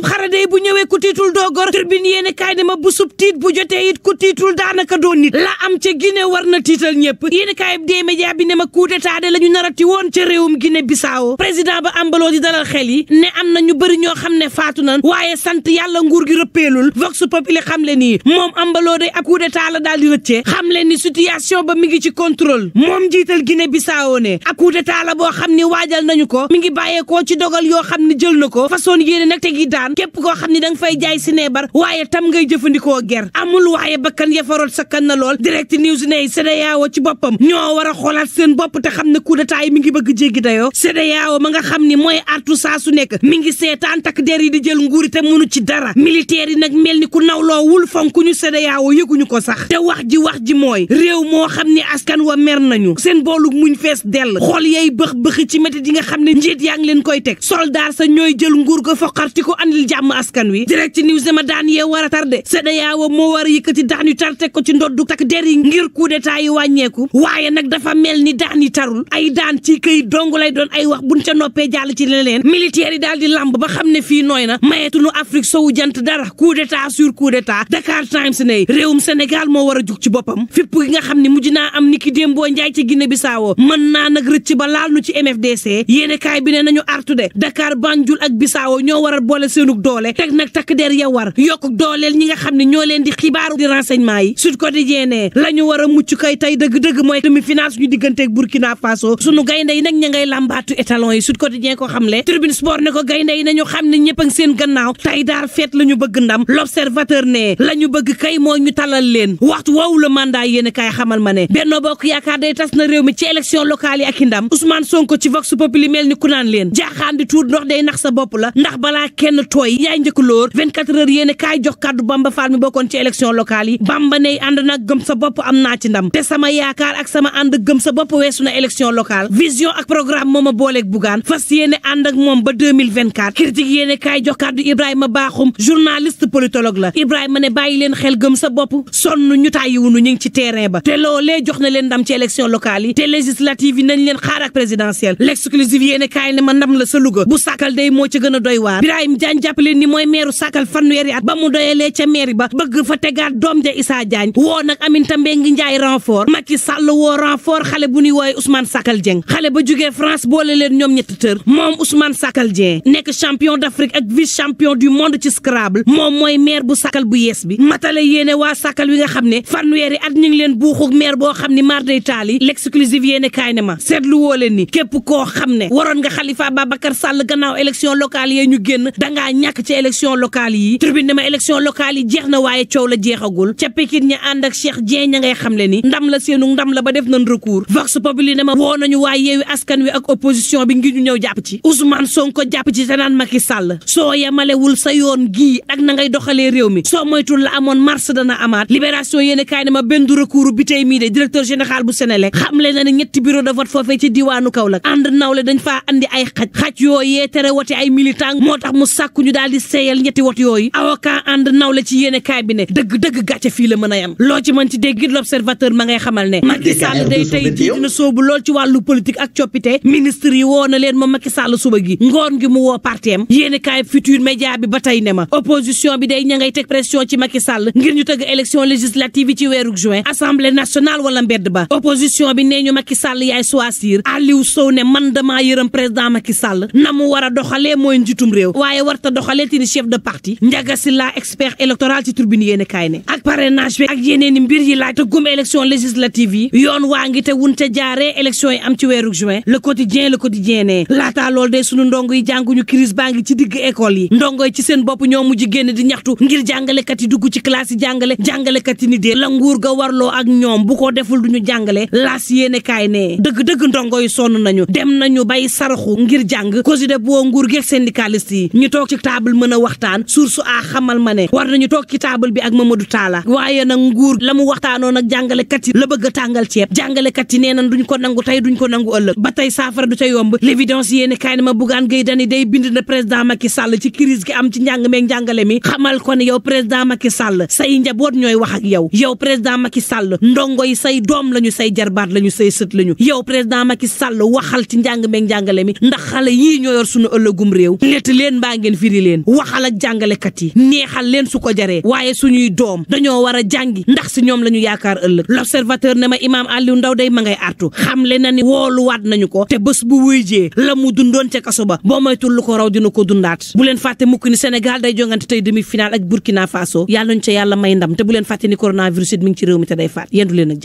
bésub xaraday bu ñëwee ku tiitul doo gor turbine yéeni kaay ne ma bésub tiit bu jotee it ku tiitul daanaka doo nit la am ca Guinée war na tiital ñëpp yéeni kaay dee média bi ne ma coup d'état la ñu narati woon ca réewum Guinée Bissau président ba ambaloo di dalal xel yi ne am na ñu bëri ñoo xam ne faatu nan waaye sant yàlla nguur gi rëppeelul vox populi xam le nii moom ambaloo day ab coup d'état la daal di rëccee xam le ni situation ba mi ngi ci contrôle moom jiital gine Bissau ne ab coup d'état la boo xam ni waajal nañ ko mi ngi bàyyeekoo ci dogal yoo xam ne jël na ko façon yéene nag bakkan képp koo xam ne da nga fay jaay sineebar waaye tam ngay jëfandikoo ger amul waaye bakkan yafaroot sakkan na lool direct news ne CEDEAO ci boppam ñoo war a xoolaat seen bopp te xam ne coup d'état yi mi ngi bëgg jéegi dayoo CEDEAO ma nga xam ni mooy artu saa su nekk mi ngi seetaan takk der yi di jël nguuri te mënu ci dara militaire yi nag mel ni ku nawloo wul fonku ñu CEDEAO yëguñu ko sax te wax ji wax ji mooy réew moo xam ne askan wa mer nañu seen boolu muñ fees dell xool yay bëx bëxi ci métit yi xam ne njiit yaa ngi leen koy teg soldaar sa ñooy jël nguur ga foqarti ko andil jàmm a tardé CEDEAO moo a yëkkati daan yu tar teg ko ci ndoddu takk der yi ngir coup d'état yi wàññeeku waaye nag dafa mel ni daan ay daan ci këy dong ca noppee jàll ci leneen militaire yi daal fii nooy na mayeetunu Afrique sowu jant dara coup d'état sur Times ne réewum Sénégal moo war a jug ci boppam fipp gi nga xam ne mujj naa am niki Dembo Njaay ci Guinée Bissau mën naa nag rëcc ba laal nu ci MFDC yéene kaay bi ne nañu artu de Dakar Banjul ak Bissau ñoo war a boole si seenug doole teg nag takk der ya war yokk dooleel ñi nga xam ne ñoo leen di xibaaru di renseignement yi Sud Quotidien ne la war a mucc kay tey dëgg-dëgg mooy demi-finale suñu digganteeg Burkina Faso suñu gaynde yi nag ña ngay làmbaatu étalon yi Sud Quotidien ko xam le Tribune Sport ne ko gaynde yi nañu xam ne ñëpp a ngi seen gannaaw tey daar feet la ñu bëgg ndam L'Observateur ne la ñu bëgg kay moo ñu talal leen waxtu woowu la mandat yéen kay xamal ma ne Benno Bokk Yaakaar day tas na réew mi ci élection locale yi ak i ndam Ousmane Sonko ci Vox mel ni ku naan leen jaaxaan di tuut ndox day la tooy yaay njëkk lóor yéene kaay jox kàddu Bamba Fall bokkoon ci élection locale yi Bamba ne ànd nag gëm sa bopp am naa ci ndam te sama yaakaar ak sama ànd gëm sa bopp weesu na élection locale vision ak programme mooma booleeg Bougane fas yéene ànd ak moom ba 2024 critique yéene kaay jox kàddu Ibrahima Bakhoum journaliste politologue la Ibrahima ne bàyyi leen xel gëm sa bopp sonn ñu tàyyiwunu ñu ngi ci terrain ba te loolee jox na leen ndam ci élection locale yi te législative yi nañ leen xaar ak présidentielle l'exclusive yéene kaay ne ma ndam sa moo ci gën ngeen jàpp leen ni mooy meeru sàkkal fanweeri at ba mu doyalee ca mairie ba bëgg fa tegaat doom ja Issa Diagne woo nag Aminata Mbengue Ndiaye renfort Macky Sall woo renfort xale bu ñuy wooye Ousmane Sakal Dieng xale ba jugee France boole leen ñoom ñetti tër moom Ousmane Sakal Dieng nekk champion d'Afrique ak vice champion du monde ci Scrabble moom mooy maire bu Sakal bu yees bi matale yéene waa Sakal wi nga xam ne fanweeri at ñu ngi leen buuxu maire boo xam ne mar day taali l'exclusive yéene kaay ne ni képp koo xam ne waroon nga Khalifa Ababacar Sall gannaaw élection locale yee ñu génn daa ñàkk ci élection locale yi tribune ne ma élection locale yi jeex na waaye coow la jeexagul ca Pikine ña ànd ak Cheikh Dieng ña ngay xam le ni ndam la seenu ndam la ba def nañ recours vox populi ne ma woo nañu waa yeewi askan wi ak opposition bi ngir ñu ñëw jàpp ci Ousmane Sonko jàpp ci te naan Macky Sall soo yemalewul sa yoon gi ak na ngay doxalee réew mi soo moytul la amoon mars dana amaat libération yéen kaay ne ma benn recours bi tey mii de directeur général bu Sénélec xamle na ne ñetti bureau de vote foofee ci diwaanu Kaolack ànd nawle dañ faa andi ay xaj xaj yooyee ay militant moo tax mu sàkku sàkku ñu daal di seeyal ñetti wot yooyu avocat ànd naw la ci yéene kaay bi ne dëgg-dëgg gàcce fii la mën a yam loo ci mën ci dégg it l'observateur ma ngay xamal ne Macky Sall day tey jii soobu lool ci wàllu politique ak coppite ministre yi woo na leen ma Macky Sall suba gi ngoon gi mu woo parteem yéene kaay futur média bi ba tey ne ma opposition bi day ña ngay teg pression ci Macky Sall ngir ñu tëgg élection législative yi ci weeru juin assemblée nationale wala mbedd ba opposition bi nee ñu Macky Sall yaay choisir Aliou Sow ne man damaa yërëm président Macky Sall na mu war a doxalee mooy réew mënta doxaleeti ni chef de parti Ndiaga Sylla expert électoral ci turbine yéen kaay ne ak parrainage bi ak yeneen i mbir yi laaj te gum élection yi yoon waa ngi te wunte jaaree élection yi am ci weeru juin le quotidien le quotidien ne laataa loolu de sunu ndongo yi ñu crise baa ngi ci digg école yi ndongo yi ci seen bopp ñoo mujj génn di ñaxtu ngir jàngalekat yi dugg ci classe yi jàngale jàngalekat yi ni dee la nguur ga warloo ak ñoom bu ko deful duñu jàngale laas yéene kaay ne dëgg-dëgg ndongo yi sonn nañu dem nañu bay saraxu ngir jàng cause de boo nguur geeg syndicaliste yi ñu toog table mën a waxtaan source a xamal ma ne war ñu toog ci table bi ak Mamadou Talla waaye nag nguur la mu waxtaanoon ak jàngalekat yi la bëgg a tàngal ceeb jàngalekat yi nee nañ duñ ko nangu tey duñ ko nangu ëllëg ba tey saafara du ca yomb l'évidence yéeni kaay ne ma Bougane Gueye Dany day bind na président Macky Sall ci crise gi am ci njàng meeg njàngale mi xamal ko ne yow président Macky Sall say njaboot ñooy wax ak yow yow président Macky Sall ndongo yi say doom lañu say jarbaat lañu say sët lañu yow président Macky Sall waxal ci njàng njàngale mi ndax xale yii ñoo réew firi leen waxal ak jàngalekat yi neexal leen su ko jaree waaye suñuy doom dañoo war a jàngi ndax si ñoom la ñu yaakaar ëllëg l'observateur ne ma imaam Aliou Ndaw day ma ngay artu xamle na ni wooluwaat nañu ko te bés bu wuyjee la mu dundoon ca kaso ba boo moytul lu ko raw dina ko dundaat bu leen fàtte mukk ni Sénégal day jongante tey demi-finale ak Burkina Faso yàlla ñu ca yàlla may ndam te bu leen ni coronavirus it mi ngi ci réew mi te day faat yendu leen